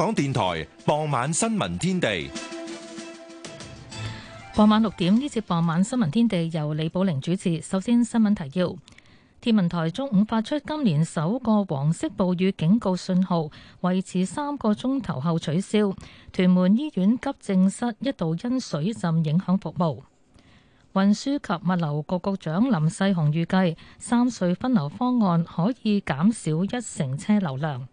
香港電台傍晚新聞天地，傍晚六點呢節傍晚新聞天地由李寶玲主持。首先新聞提要：天文台中午發出今年首個黃色暴雨警告信號，維持三個鐘頭後取消。屯門醫院急症室一度因水浸影響服務。運輸及物流局局長林世雄預計，三隧分流方案可以減少一成車流量。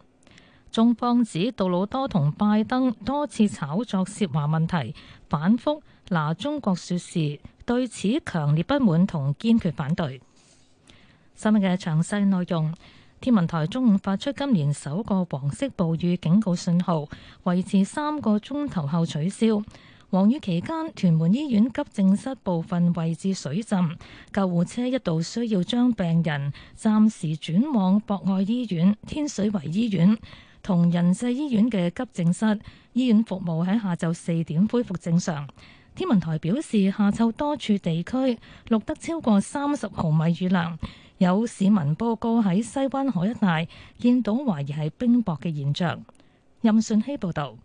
中方指，杜魯多同拜登多次炒作涉華問題，反覆拿中國說事，對此強烈不滿同堅決反對。新聞嘅詳細內容，天文台中午發出今年首個黃色暴雨警告信號，維持三個鐘頭後取消。黃雨期間，屯門醫院急症室部分位置水浸，救護車一度需要將病人暫時轉往博愛醫院、天水圍醫院。同仁濟醫院嘅急症室，醫院服務喺下晝四點恢復正常。天文台表示，下晝多處地區錄得超過三十毫米雨量，有市民報告喺西灣河一帶見到懷疑係冰雹嘅現象。任信希報導。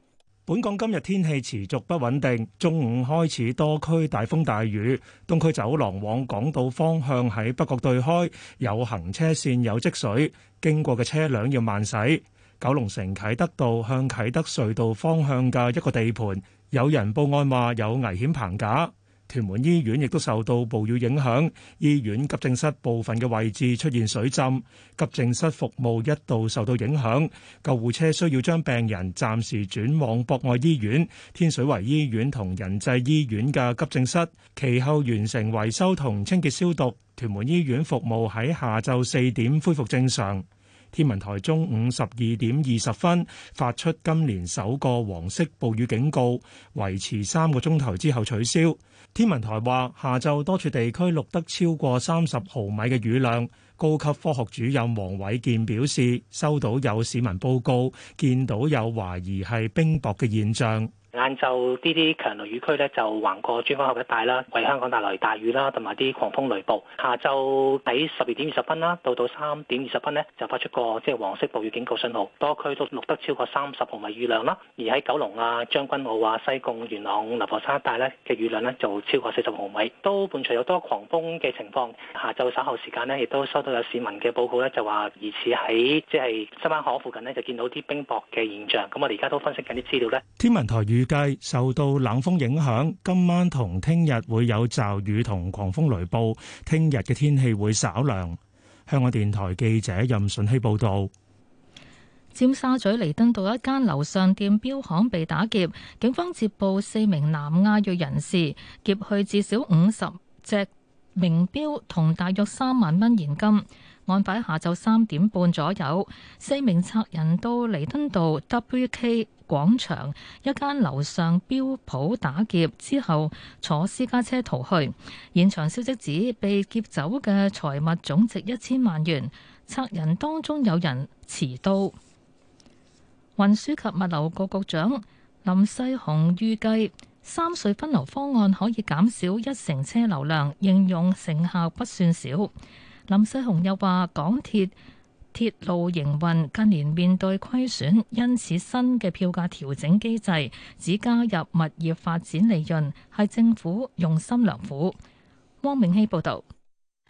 本港今日天氣持續不穩定，中午開始多區大風大雨，東區走廊往港島方向喺北角對開有行車線有積水，經過嘅車輛要慢駛。九龍城啟德道向啟德隧道方向嘅一個地盤，有人報案話有危險棚架。屯門醫院亦都受到暴雨影響，醫院急症室部分嘅位置出現水浸，急症室服務一度受到影響。救護車需要將病人暫時轉往博愛醫院、天水圍醫院同仁濟醫院嘅急症室，其後完成維修同清潔消毒，屯門醫院服務喺下晝四點恢復正常。天文台中午十二點二十分發出今年首個黃色暴雨警告，維持三個鐘頭之後取消。天文台話：下晝多處地區錄得超過三十毫米嘅雨量。高級科學主任黃偉健表示，收到有市民報告，見到有懷疑係冰雹嘅現象。晏晝呢啲強雷雨區咧就橫過珠江口一帶啦，為香港帶來大雨啦，同埋啲狂風雷暴。下晝喺十二點二十分啦，到到三點二十分呢，就發出過即係黃色暴雨警告信號，多區都錄得超過三十毫米雨量啦。而喺九龍啊、將軍澳啊、西貢、元朗、流浮山一帶咧嘅雨量呢，就超過四十毫米，都伴隨有多狂風嘅情況。下晝稍後時間呢，亦都收到有市民嘅報告咧，就話疑似喺即係西灣河附近呢，就見到啲冰雹嘅現象。咁我哋而家都分析緊啲資料咧，天文台雨。預計受到冷鋒影響，今晚同聽日會有驟雨同狂風雷暴，聽日嘅天氣會稍涼。香港電台記者任順熙報道：尖沙咀彌敦道一間樓上店表行被打劫，警方接報四名南亞裔人士，劫去至少五十隻名表同大約三萬蚊現金。案發下晝三點半左右，四名賊人到彌敦道 W K 廣場一間樓上標鋪打劫之後坐私家車逃去，現場消息指被劫走嘅財物總值一千萬元，賊人當中有人持刀。運輸及物流局局長林世雄預計，三隧分流方案可以減少一成車流量，應用成效不算少。林世雄又話，港鐵。鐵路營運近年面對虧損，因此新嘅票價調整機制只加入物業發展利潤，係政府用心良苦。汪明希報道，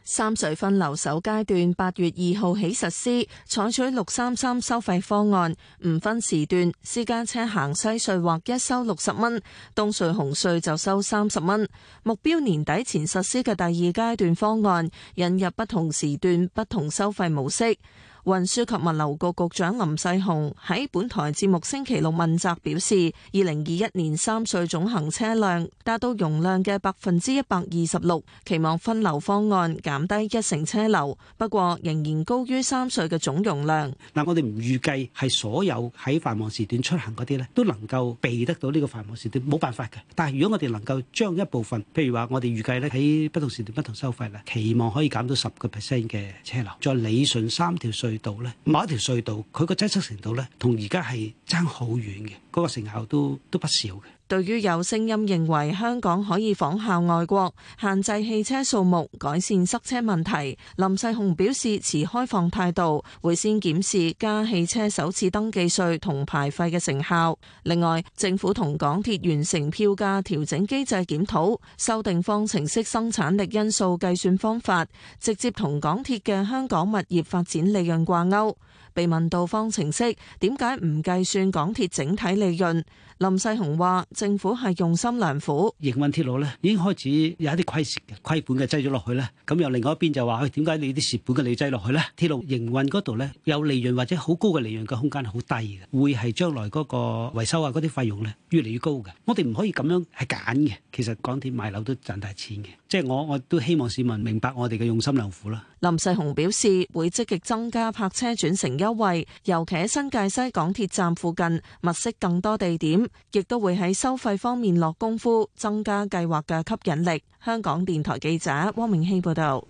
三隧分流首階段八月二號起實施，採取六三三收費方案，唔分時段，私家車行西隧或一收六十蚊，東隧紅隧就收三十蚊。目標年底前實施嘅第二階段方案，引入不同時段不同收費模式。運輸及物流局局長林世雄喺本台節目星期六問責表示，二零二一年三隧總行車輛達到容量嘅百分之一百二十六，期望分流方案減低一成車流，不過仍然高於三隧嘅總容量。但我哋唔預計係所有喺繁忙時段出行嗰啲呢，都能夠避得到呢個繁忙時段，冇辦法嘅。但係如果我哋能夠將一部分，譬如話我哋預計咧喺不同時段不同收費啦，期望可以減到十個 percent 嘅車流，再理順三條隧。隧道咧，某一條隧道，佢個擠塞程度咧，同而家係爭好遠嘅，嗰個成效都都不少嘅。對於有聲音認為香港可以仿效外國，限制汽車數目，改善塞車問題，林世雄表示持開放態度，會先檢視加汽車首次登記稅同牌費嘅成效。另外，政府同港鐵完成票價調整機制檢討，修訂方程式生產力因素計算方法，直接同港鐵嘅香港物業發展利潤掛鈎。被問到方程式點解唔計算港鐵整體利潤，林世雄話：政府係用心良苦。營運鐵路咧已經開始有一啲虧蝕嘅、虧本嘅擠咗落去咧，咁又另外一邊就話：點解你啲蝕本嘅你擠落去咧？鐵路營運嗰度咧有利潤或者好高嘅利潤嘅空間係好低嘅，會係將來嗰個維修啊嗰啲費用咧越嚟越高嘅。我哋唔可以咁樣係揀嘅。其實港鐵賣樓都賺大錢嘅，即係我我都希望市民明白我哋嘅用心良苦啦。林世雄表示，會積極增加泊車轉乘優惠，尤其喺新界西港鐵站附近，物色更多地點，亦都會喺收費方面落功夫，增加計劃嘅吸引力。香港電台記者汪明熙報道。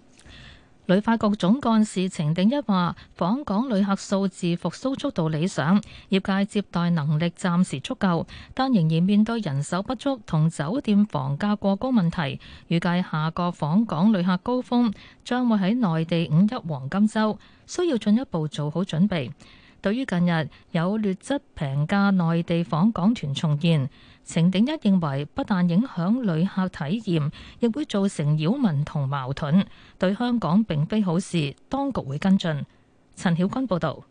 旅發局總幹事程鼎一話，訪港旅客數字復蘇速度理想，業界接待能力暫時足夠，但仍然面對人手不足同酒店房價過高問題。預計下個訪港旅客高峰將會喺內地五一黃金周，需要進一步做好準備。對於近日有劣質平價內地訪港團重現，程鼎一認為，不但影響旅客體驗，亦會造成擾民同矛盾，對香港並非好事。當局會跟進。陳曉君報道。，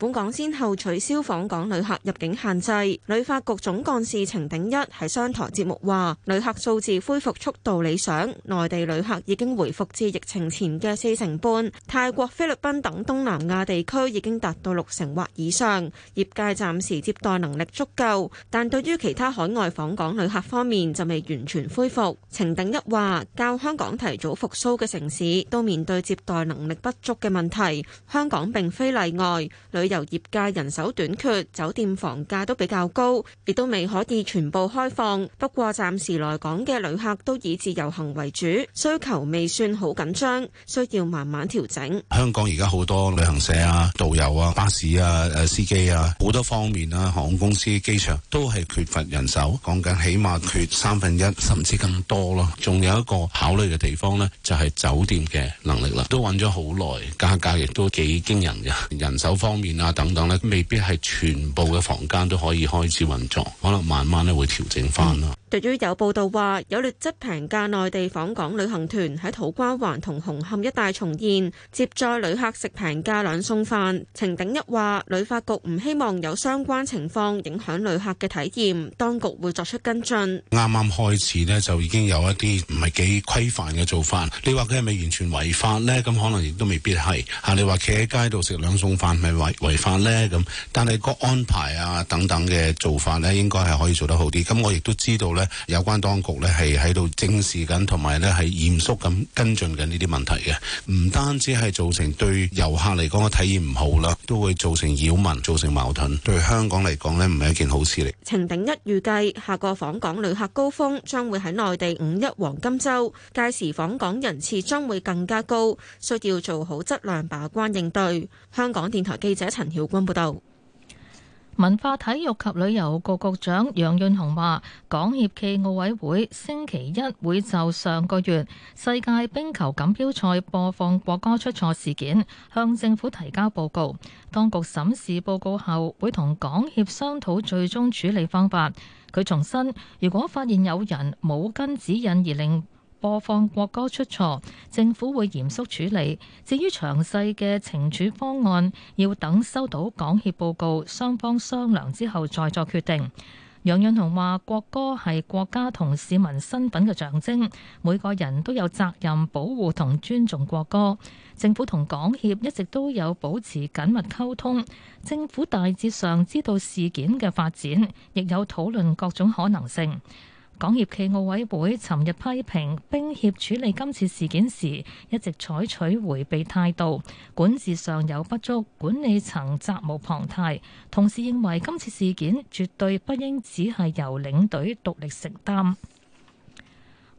本港先後取消訪港旅客入境限制。旅發局總幹事程鼎一喺商台節目話：旅客數字恢復速度理想，內地旅客已經回復至疫情前嘅四成半，泰國、菲律賓等東南亞地區已經達到六成或以上。業界暫時接待能力足夠，但對於其他海外訪港旅客方面就未完全恢復。程鼎一話：較香港提早復蘇嘅城市都面對接待能力不足嘅問題，香港並非例外，旅由業界人手短缺，酒店房價都比較高，亦都未可以全部開放。不過暫時來港嘅旅客都以自由行為主，需求未算好緊張，需要慢慢調整。香港而家好多旅行社啊、導遊啊、巴士啊、誒司機啊，好多方面啊，航空公司、機場都係缺乏人手，講緊起碼缺三分一，甚至更多咯。仲有一個考慮嘅地方呢，就係酒店嘅能力啦，都揾咗好耐，價格亦都幾驚人嘅，人手方面。啊！等等咧，未必係全部嘅房間都可以開始運作，可能慢慢咧會調整翻啦。嗯對於有報道話有劣質平價內地訪港旅行團喺土瓜灣同紅磡一帶重現，接載旅客食平價兩餸飯，程鼎一話旅發局唔希望有相關情況影響旅客嘅體驗，當局會作出跟進。啱啱開始呢，就已經有一啲唔係幾規範嘅做法，你話佢係咪完全違法呢？咁可能亦都未必係㗎、啊。你話企喺街度食兩餸飯係違違法呢？咁，但係個安排啊等等嘅做法呢，應該係可以做得好啲。咁我亦都知道有關當局呢係喺度正視緊，同埋呢係嚴肅咁跟進緊呢啲問題嘅，唔單止係造成對遊客嚟講嘅體驗唔好啦，都會造成擾民，造成矛盾，對香港嚟講呢唔係一件好事嚟。程鼎一預計下個訪港旅客高峰將會喺內地五一黃金周，屆時訪港人次將會更加高，需要做好質量把關應對。香港電台記者陳曉君報道。文化體育及旅遊局局長楊潤雄話，港協暨奧委會星期一會就上個月世界冰球錦標賽播放國歌出錯事件向政府提交報告，當局審視報告後會同港協商討最終處理方法。佢重申，如果發現有人冇跟指引而令播放國歌出錯，政府會嚴肅處理。至於詳細嘅懲處方案，要等收到港協報告，雙方商量之後再作決定。楊潤雄話：國歌係國家同市民身份嘅象徵，每個人都有責任保護同尊重國歌。政府同港協一直都有保持緊密溝通，政府大致上知道事件嘅發展，亦有討論各種可能性。港協暨奧委會尋日批評冰協處理今次事件時，一直採取回避態度，管治上有不足，管理層責無旁貸。同時認為今次事件絕對不應只係由領隊獨立承擔。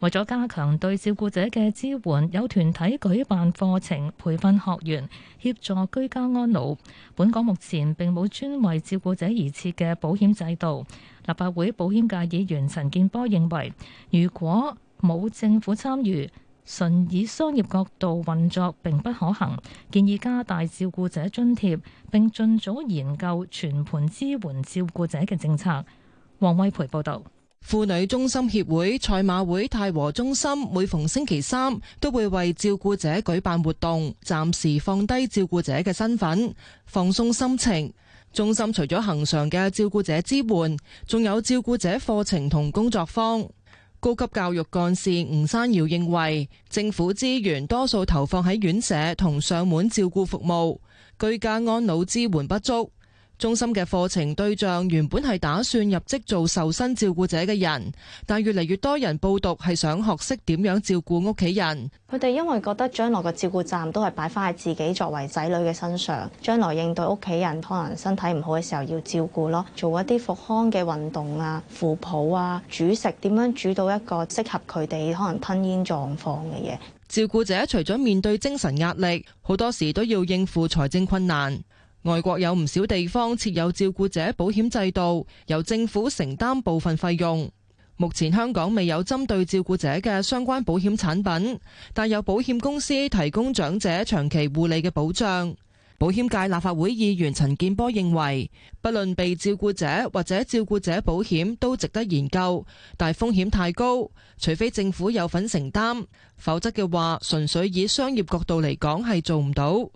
為咗加強對照顧者嘅支援，有團體舉辦課程培訓學員，協助居家安老。本港目前並冇專為照顧者而設嘅保險制度。立法會保險界議員陳建波認為，如果冇政府參與，純以商業角度運作並不可行，建議加大照顧者津貼，並盡早研究全盤支援照顧者嘅政策。黃威培報導。婦女中心協會賽馬會太和中心每逢星期三都會為照顧者舉辦活動，暫時放低照顧者嘅身份，放鬆心情。中心除咗恒常嘅照顧者支援，仲有照顧者課程同工作坊。高級教育幹事吳山瑤認為，政府資源多數投放喺院舍同上門照顧服務，居家安老支援不足。中心嘅課程對象原本係打算入職做受薪照顧者嘅人，但越嚟越多人報讀係想學識點樣照顧屋企人。佢哋因為覺得將來個照顧站都係擺翻喺自己作為仔女嘅身上，將來應對屋企人可能身體唔好嘅時候要照顧咯，做一啲復康嘅運動啊、扶抱啊、煮食點樣煮到一個適合佢哋可能吞嚥狀況嘅嘢。照顧者除咗面對精神壓力，好多時都要應付財政困難。外國有唔少地方設有照顧者保險制度，由政府承擔部分費用。目前香港未有針對照顧者嘅相關保險產品，但有保險公司提供長者長期護理嘅保障。保險界立法會議員陳建波認為，不論被照顧者或者照顧者保險都值得研究，但風險太高，除非政府有份承擔，否則嘅話純粹以商業角度嚟講係做唔到。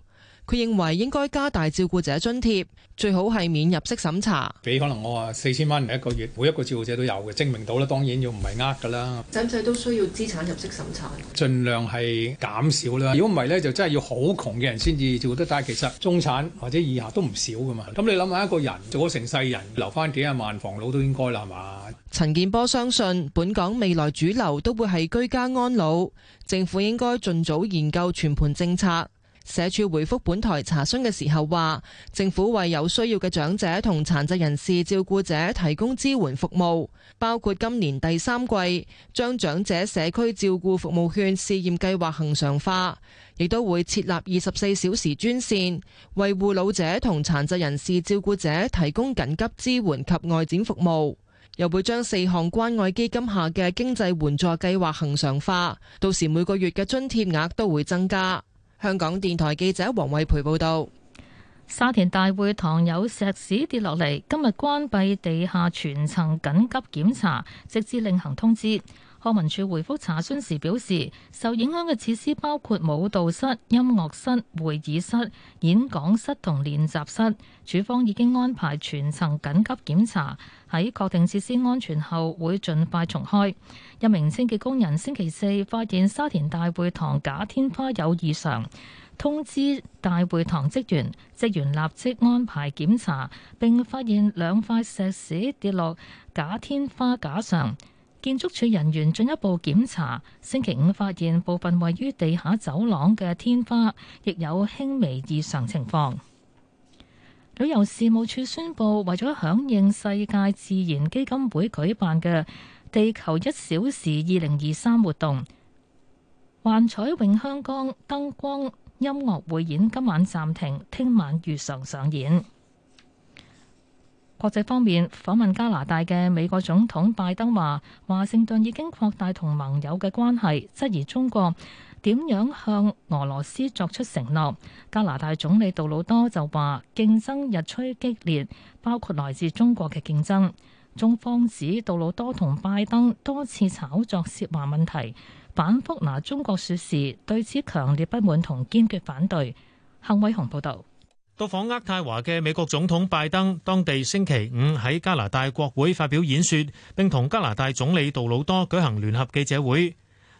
佢認為應該加大照顧者津貼，最好係免入息審查，俾可能我話四千蚊唔一個月，每一個照顧者都有嘅，證明到啦，當然要唔係呃噶啦，使唔使都需要資產入息審查？儘量係減少啦，如果唔係咧，就真係要好窮嘅人先至照顧得，但係其實中產或者以下都唔少噶嘛。咁你諗下一個人做咗成世人，留翻幾廿萬防老都應該啦，係嘛？陳建波相信本港未來主流都會係居家安老，政府應該盡早研究全盤政策。社署回覆本台查詢嘅時候話，政府為有需要嘅長者同殘疾人士照顧者提供支援服務，包括今年第三季將長者社區照顧服務券試驗計劃恆常化，亦都會設立二十四小時專線，為護老者同殘疾人士照顧者提供緊急支援及外展服務，又會將四項關愛基金下嘅經濟援助計劃恆常化，到時每個月嘅津貼額都會增加。香港電台記者王慧培報道：沙田大會堂有石屎跌落嚟，今日關閉地下全層，緊急檢查，直至另行通知。康文署回覆查詢時表示，受影響嘅設施包括舞蹈室、音樂室、會議室、演講室同練習室。署方已經安排全層緊急檢查，喺確定設施安全後，會盡快重開。一名清潔工人星期四發現沙田大會堂假天花有異常，通知大會堂職員，職員立即安排檢查，並發現兩塊石屎跌落假天花架上。建築署人員進一步檢查，星期五發現部分位於地下走廊嘅天花亦有輕微異常情況。旅遊事務處宣布，為咗響應世界自然基金會舉辦嘅「地球一小時」二零二三活動，幻彩詠香江燈光音樂匯演今晚暫停，聽晚如常上演。國際方面，訪問加拿大嘅美國總統拜登話：華盛頓已經擴大同盟友嘅關係，質疑中國點樣向俄羅斯作出承諾。加拿大總理杜魯多就話：競爭日趨激烈，包括來自中國嘅競爭。中方指杜魯多同拜登多次炒作涉華問題，反覆拿中國説事，對此強烈不滿同堅決反對。幸偉雄報道。到訪渥太華嘅美國總統拜登，當地星期五喺加拿大國會發表演說，並同加拿大總理杜魯多舉行聯合記者會。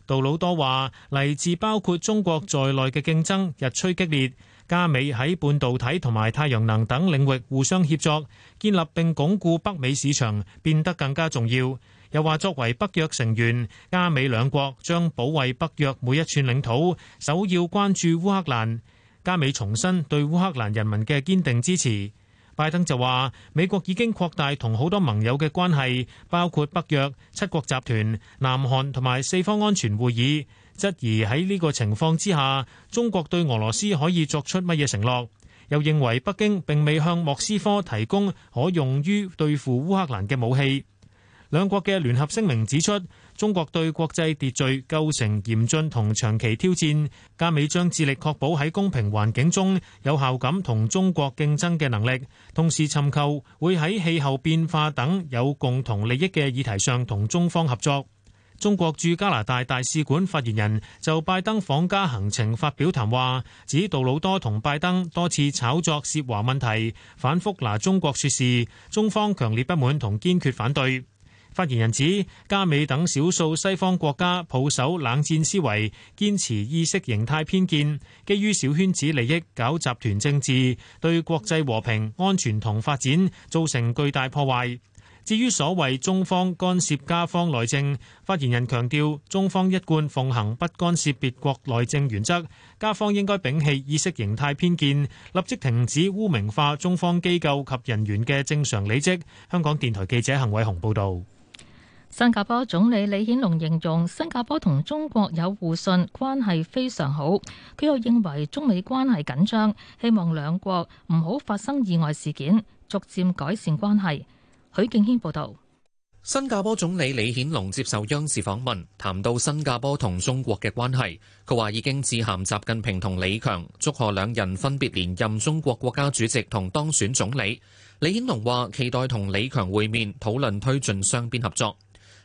杜魯多話：嚟自包括中國在內嘅競爭日趨激烈，加美喺半導體同埋太陽能等領域互相協作，建立並鞏固北美市場變得更加重要。又話作為北約成員，加美兩國將保衛北約每一寸領土，首要關注烏克蘭。加美重申對烏克蘭人民嘅堅定支持。拜登就話：美國已經擴大同好多盟友嘅關係，包括北約、七國集團、南韓同埋四方安全會議。質疑喺呢個情況之下，中國對俄羅斯可以作出乜嘢承諾，又認為北京並未向莫斯科提供可用於對付烏克蘭嘅武器。兩國嘅聯合聲明指出，中國對國際秩序構成嚴峻同長期挑戰，加美將致力確保喺公平環境中有效噉同中國競爭嘅能力，同時尋求會喺氣候變化等有共同利益嘅議題上同中方合作。中國駐加拿大大使館發言人就拜登訪加行程發表談話，指杜魯多同拜登多次炒作涉華問題，反覆拿中國説事，中方強烈不滿同堅決反對。發言人指，加美等少數西方國家抱守冷戰思維，堅持意識形態偏見，基於小圈子利益搞集團政治，對國際和平、安全同發展造成巨大破壞。至於所謂中方干涉加方內政，發言人強調，中方一貫奉行不干涉別國內政原則，加方應該摒棄意識形態偏見，立即停止污名化中方機構及人員嘅正常履職。香港電台記者幸偉雄報導。新加坡總理李顯龍形容新加坡同中國有互信，關係非常好。佢又認為中美關係緊張，希望兩國唔好發生意外事件，逐漸改善關係。許敬軒報道。新加坡總理李顯龍接受央視訪問，談到新加坡同中國嘅關係，佢話已經致函習近平同李強，祝賀兩人分別連任中國國家主席同當選總理。李顯龍話期待同李強會面，討論推進雙邊合作。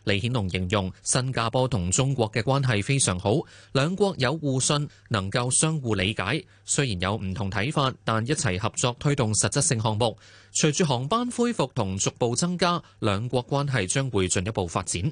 李顯龍形容新加坡同中國嘅關係非常好，兩國有互信，能夠相互理解。雖然有唔同睇法，但一齊合作推動實質性項目。隨住航班恢復同逐步增加，兩國關係將會進一步發展。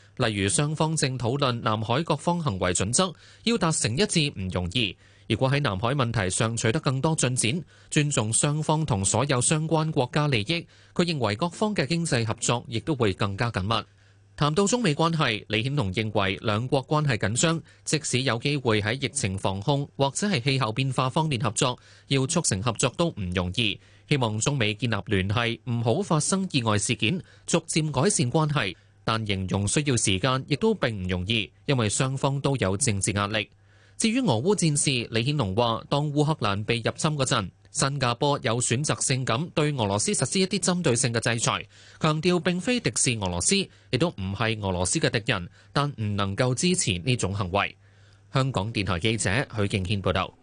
例如，雙方正討論南海各方行為準則，要達成一致唔容易。如果喺南海問題上取得更多進展，尊重雙方同所有相關國家利益，佢認為各方嘅經濟合作亦都會更加緊密。談到中美關係，李顯龍認為兩國關係緊張，即使有機會喺疫情防控或者係氣候變化方面合作，要促成合作都唔容易。希望中美建立聯繫，唔好發生意外事件，逐漸改善關係。但形容需要時間亦都並唔容易，因為雙方都有政治壓力。至於俄烏戰事，李顯龍話當烏克蘭被入侵嗰陣，新加坡有選擇性咁對俄羅斯實施一啲針對性嘅制裁，強調並非敵視俄羅斯，亦都唔係俄羅斯嘅敵人，但唔能夠支持呢種行為。香港電台記者許敬軒報道。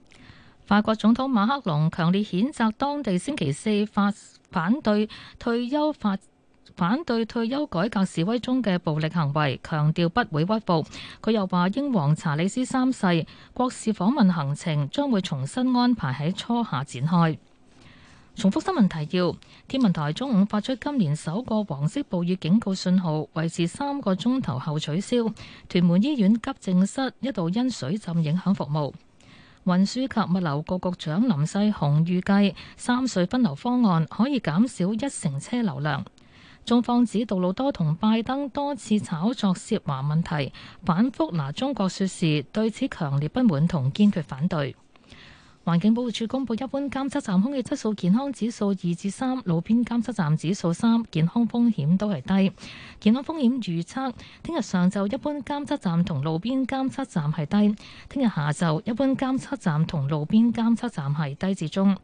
法國總統馬克龍強烈譴責當地星期四發反對退休法反對退休改革示威中嘅暴力行為，強調不會屈服。佢又話：英皇查理斯三世國事訪問行程將會重新安排喺初夏展開。重複新聞提要：天文台中午發出今年首個黃色暴雨警告信號，維持三個鐘頭後取消。屯門醫院急症室一度因水浸影響服務。運輸及物流局局長林世雄預計三隧分流方案可以減少一成車流量。中方指杜魯多同拜登多次炒作涉華問題，反覆拿中國說事，對此強烈不滿同堅決反對。環境保護署公布一般監測站空氣質素健康指數二至三，路邊監測站指數三，健康風險都係低。健康風險預測：聽日上晝一般監測站同路邊監測站係低；聽日下晝一般監測站同路邊監測站係低至中。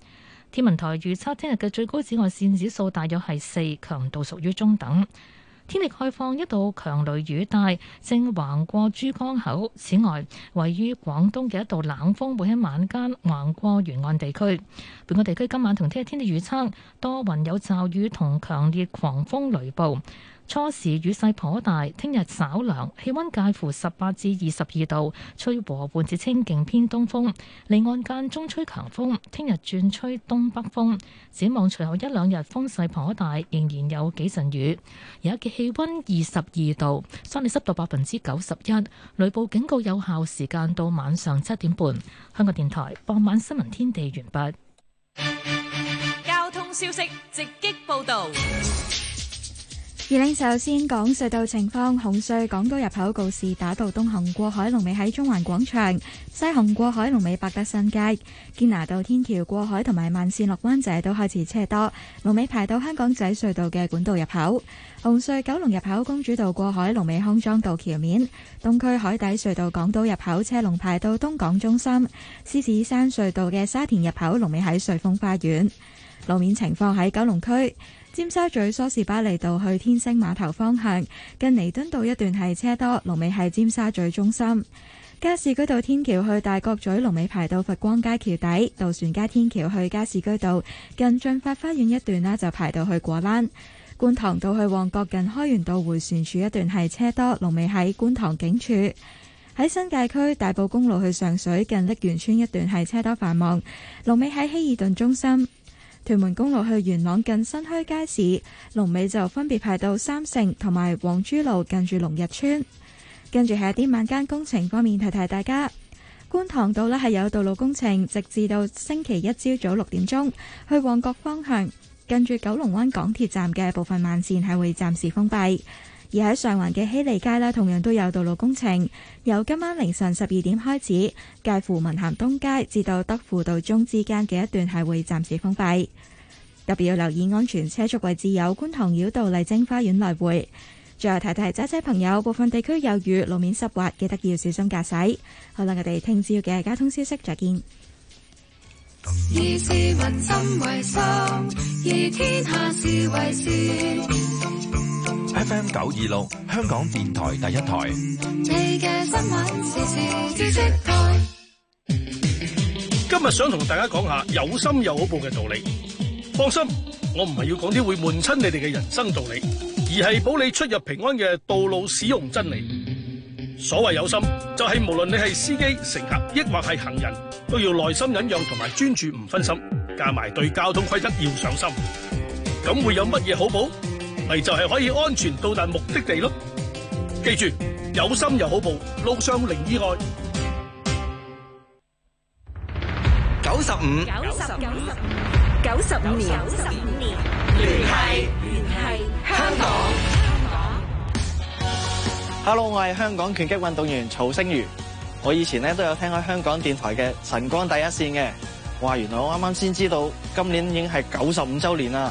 天文台預測聽日嘅最高紫外線指數大約係四，強度屬於中等。天氣開放一道強雷雨帶正橫過珠江口。此外，位於廣東嘅一道冷風會喺晚間橫過沿岸地區。本港地區今晚同聽日天氣預測，多雲有驟雨同強烈狂風雷暴。初時雨勢頗大，聽日稍涼，氣溫介乎十八至二十二度，吹和緩至清勁偏東風。離岸間中吹強風，聽日轉吹東北風。展望隨後一兩日風勢頗大，仍然有幾陣雨。而家嘅氣溫二十二度，相對濕度百分之九十一，雷暴警告有效時間到晚上七點半。香港電台傍晚新聞天地完畢。交通消息直擊報道。二領首先講隧道情況，紅隧港島入口告士打道東行過海龍尾喺中環廣場，西行過海龍尾百德新街；堅拿道天橋過海同埋慢綫落灣仔都開始車多，龍尾排到香港仔隧道嘅管道入口。紅隧九龍入口公主道過海龍尾康莊道橋面，東區海底隧道港島入口車龍排到東港中心，獅子山隧道嘅沙田入口龍尾喺瑞峰花園。路面情況喺九龍區。尖沙咀梳士巴利道去天星碼頭方向，近彌敦道一段係車多，龍尾喺尖沙咀中心。加士居道天橋去大角咀，龍尾排到佛光街橋底。渡船街天橋去加士居道，近駿發花園一段呢就排到去果欄。觀塘道去旺角，近開源道回旋處一段係車多，龍尾喺觀塘警署。喺新界區，大埔公路去上水，近瀝源村一段係車多繁忙，龍尾喺希爾頓中心。屯門公路去元朗，近新墟街市，龍尾就分別排到三聖同埋皇珠路近住龍日村。跟住喺啲晚間工程方面，提提大家，觀塘道呢係有道路工程，直至到星期一朝早六點鐘，去旺角方向近住九龍灣港鐵站嘅部分慢線係會暫時封閉。而喺上環嘅希利街呢，同樣都有道路工程，由今晚凌晨十二點開始，介乎文咸東街至到德輔道中之間嘅一段係會暫時封閉，特別要留意安全車速位置有觀塘繞道麗晶花園來回。最後提提揸車，車朋友，部分地區有雨，路面濕滑，記得要小心駕駛。好啦，我哋聽朝嘅交通消息，再見。以市民心為心。以天下事為先。FM 九二六，香港電台第一台。今日想同大家講下有心有好報嘅道理。放心，我唔係要講啲會悶親你哋嘅人生道理，而係保你出入平安嘅道路使用真理。所謂有心，就係無論你係司機、乘客，抑或係行人，都要耐心忍讓同埋專注，唔分心，加埋對交通規則要上心。咁會有乜嘢好報？咪就係可以安全到達目的地咯！記住，有心又好步，路上零意外。九十五，九十五，九十五年，聯繫聯繫香港。Hello，我係香港拳擊運動員曹星如。我以前咧都有聽開香港電台嘅《晨光第一線》嘅。哇，原來我啱啱先知道，今年已經係九十五周年啦！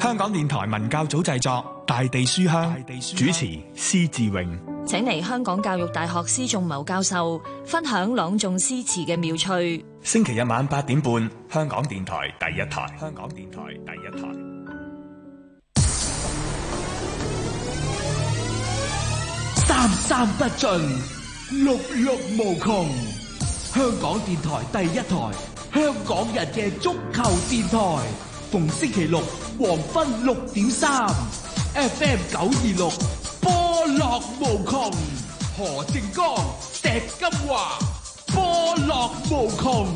香港電台文教組製作《大地書香》，香主持施志榮，請嚟香港教育大學施仲謀教授分享朗誦詩詞嘅妙趣。星期日晚八點半，香港電台第一台。香港電台第一台，三三不盡，六六無窮。香港電台第一台，香港人嘅足球電台。逢星期六黃昏六點三，FM 九二六波落無窮，何正剛、石金華波落無窮。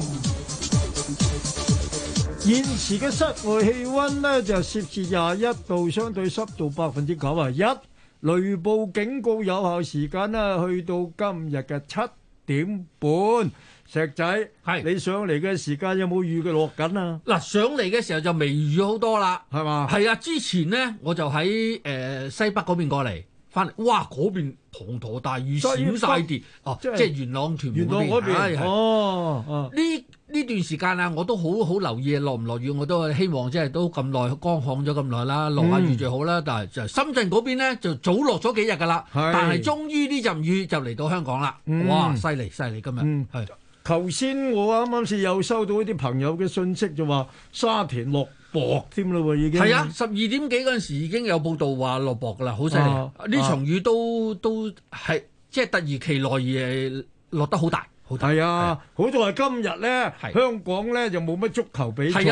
現時嘅室外氣温呢，就攝氏廿一度，相對濕度百分之九十一。雷暴警告有效時間呢，去到今日嘅七點半。石仔，係你上嚟嘅時間有冇雨佢落緊啊？嗱，上嚟嘅時候就微雨好多啦，係嘛？係啊，之前呢我就喺誒西北嗰邊過嚟，返嚟，哇嗰邊滂沱大雨閃曬跌，哦，即係元朗屯門嗰邊，哦，呢呢段時間啊，我都好好留意落唔落雨，我都希望即係都咁耐乾旱咗咁耐啦，落下雨最好啦。但係深圳嗰邊呢就早落咗幾日噶啦，但係終於呢陣雨就嚟到香港啦，哇，犀利犀利今日係。頭先我啱啱先又收到啲朋友嘅信息，就話沙田落雹添啦喎，已經係啊，十二點幾嗰陣時已經有報道話落雹噶啦，好犀利！呢、啊啊、場雨都都係即係突如其來而係落得好大，好大係啊！啊啊好在今日咧，啊、香港咧就冇乜足球比賽。